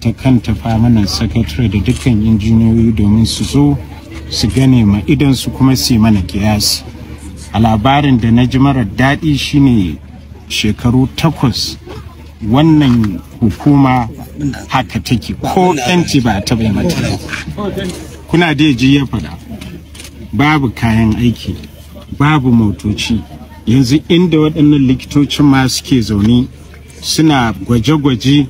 ta kanta faminan sakatare da dukkan injiniyoyi domin su zo su gane ma idan su kuma su mana kiyasi a labarin da na ji marar daɗi shine shekaru takwas wannan hukuma haka take ko yanci ba ta bai mata kuna da ji ya faɗa babu kayan aiki babu motoci yanzu inda waɗannan likitocin ma suke zaune suna gwaje-gwaje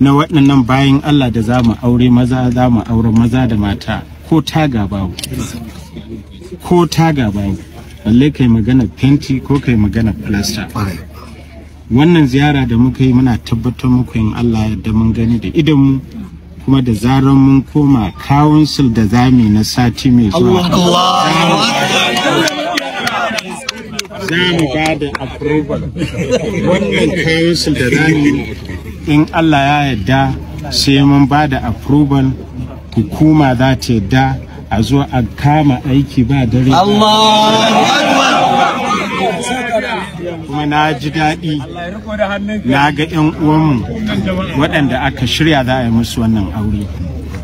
na waɗannan bayan Allah da za mu aure maza za mu aure maza da mata ko ta babu ko taga babu balle kai magana fenti ko kai magana plasta wannan ziyara da muka yi muna tabbatar muku in Allah yadda mun gani da idan mu kuma da zarar mun koma council da zami na sati mai zuwa za mu ba da approval wannan council da zami in allah ya yadda sai mun ba da approval hukuma za ta yadda a zo a kama aiki ba dare kuma na ji daɗi na ga 'yan uwanmu waɗanda aka shirya za a yi musu wannan aure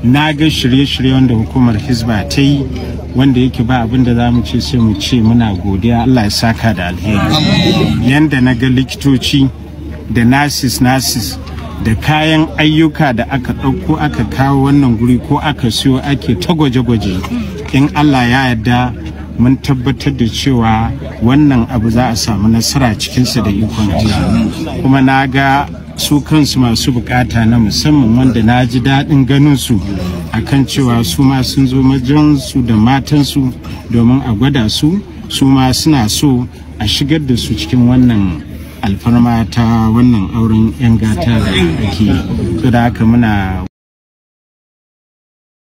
na ga shirye-shirye wanda hukumar hizba ta yi wanda yake ba abin da za mu ce sai mu ce muna godiya allah ya saka da alheri yanda na ga likitoci da nasis nasis da kayan ayyuka da aka ɗauko aka kawo wannan guri ko aka siyo ake ta gwaje-gwaje in allah ya yarda mun tabbatar da cewa wannan abu za a samu nasara cikinsa da ikon jiya kuma na ga su kansu masu bukata na musamman wanda na ji daɗin ganin su kan cewa su ma sun zo majansu da matansu domin a gwada su su ma suna so a shigar da su cikin wannan alfarma ta wannan auren 'yan gata da ake yi. da haka muna